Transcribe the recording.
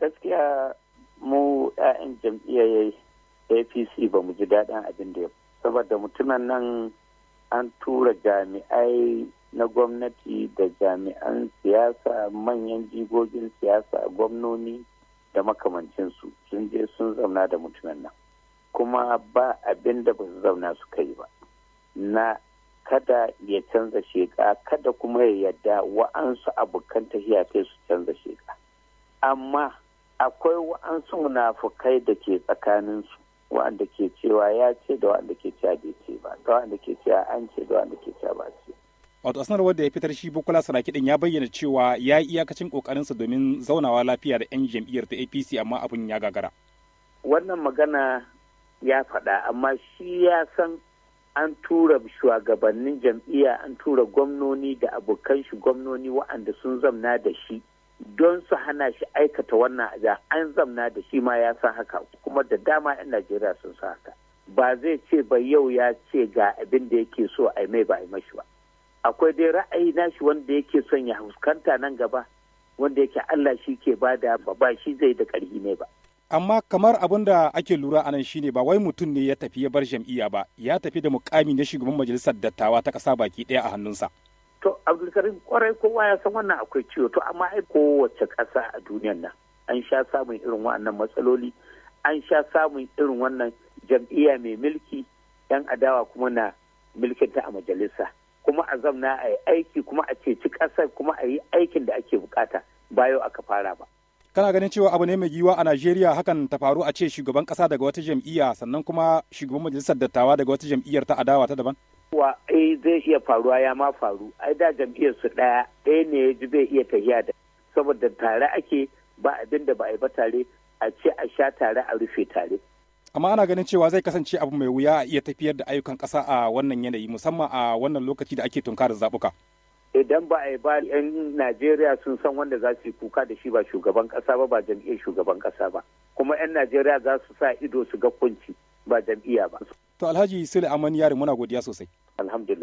gaskiya mu 'ya'yan jam'iyyar apc ba mu ji daɗin abin da ya saboda mutumin nan an tura jami'ai na gwamnati da jami'an siyasa manyan jigogin siyasa gwamnoni da makamancinsu sun je sun zauna da mutumin nan kuma ba abin da ba su zauna suka yi ba na kada ya canza sheka kada kuma ya yarda wa'ansu abokan tafiya kai su canza sheka amma akwai wa'ansu munafukai da ke tsakaninsu wa'anda ke cewa ya ce da wa'anda ke cewa bai ce ba da wa'anda ke cewa an ce da wa'anda ke cewa ba ce wato sanarwar da ya fitar shi bukula saraki din ya bayyana cewa ya yi iyakacin kokarinsa domin zaunawa lafiya da yan jam'iyyar ta apc amma abin ya gagara wannan magana ya faɗa amma shi ya san an tura shugabannin jam'iyya an tura gwamnoni da abokan shi gwamnoni wa'anda sun zamna da shi don su hana shi aikata wannan aja an zamna da shi ma ya san haka kuma da dama 'yan najeriya sun san haka ba zai ce ba yau ya ce ga abin da yake so a mai ba a mashi ba akwai dai ra'ayi nashi wanda yake son ya fuskanta nan gaba wanda yake allah shi ke ba da ba shi zai da karhi ne ba amma kamar abin da ake lura anan shine ba wai mutum ne ya tafi ya bar jam'iyya ba ya tafi da mukami na shugaban majalisar dattawa ta ƙasa baki ɗaya a hannunsa abdulkarim kwarai kowa ya san wannan akwai ciwo to amma ai kowace ƙasa a duniyan nan an sha samun irin wannan matsaloli an sha samun irin wannan jam'iyya mai milki yan adawa kuma na ta a majalisa kuma a zamna a yi aiki kuma a ceci ƙasar kuma a yi aikin da ake bukata ba aka fara ba kana ganin cewa abu ne mai giwa a Najeriya hakan ta faru a ce shugaban kasa daga wata jam'iyya sannan kuma shugaban majalisar dattawa daga wata jam'iyyar ta adawa ta daban kuwa eh zai iya faruwa ya ma faru ai da jam'iyyar su daya ɗaya ne ya ji zai iya tafiya da saboda tare ake ba abin da ba a yi ba tare a ce a sha tare a rufe tare amma ana ganin cewa zai kasance abu mai wuya a iya tafiyar da ayyukan kasa a wannan yanayi musamman a wannan lokaci da ake tunkarar zabuka idan ba a yi ba 'yan najeriya sun san wanda za su yi kuka da shi ba shugaban kasa ba ba jam'iyyar shugaban kasa ba kuma 'yan najeriya za su sa ido su ga kunci ba jam'iyya ba to alhaji sule amani yari muna godiya sosai alhamdulillah